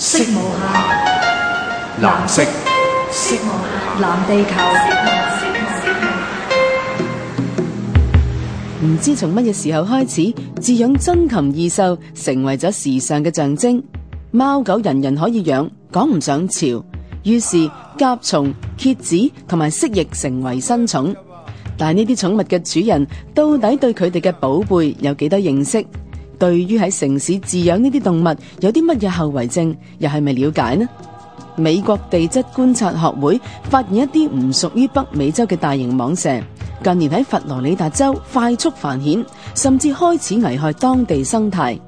色無限，藍色，色下，藍地球。唔知從乜嘢時候開始，飼養珍禽異獸成為咗時尚嘅象徵。貓狗人人可以養，講唔上潮。於是甲蟲、蠍子同埋蜥蜴成為新寵。但係呢啲寵物嘅主人到底對佢哋嘅寶貝有幾多認識？對於喺城市飼養呢啲動物有啲乜嘢後遺症，又係咪了解呢？美國地質觀察學會發現一啲唔屬於北美洲嘅大型蟒蛇，近年喺佛羅里達州快速繁衍，甚至開始危害當地生態。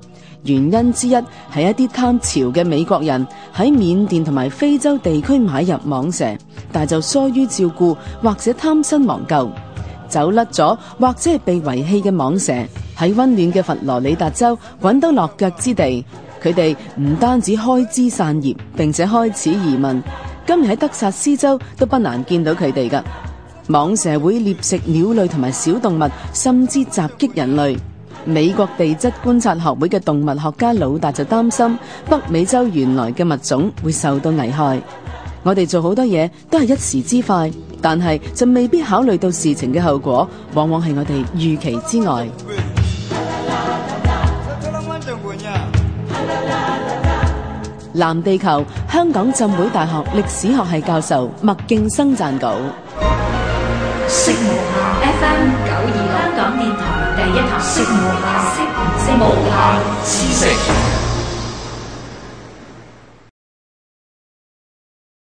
原因之一係一啲貪潮嘅美國人喺緬甸同埋非洲地區買入蟒蛇，但就疏於照顧或者貪新忘舊，走甩咗或者係被遺棄嘅蟒蛇。喺溫暖嘅佛羅里達州揾到落腳之地，佢哋唔單止開枝散葉，並且開始移民。今日喺德薩斯州都不難見到佢哋噶蟒蛇會獵食鳥類同埋小動物，甚至襲擊人類。美國地質觀察學會嘅動物學家老大就擔心北美洲原來嘅物種會受到危害。我哋做好多嘢都係一時之快，但係就未必考慮到事情嘅後果，往往係我哋預期之外。藍地球，香港浸會大學歷史學系教授麥勁生撰稿。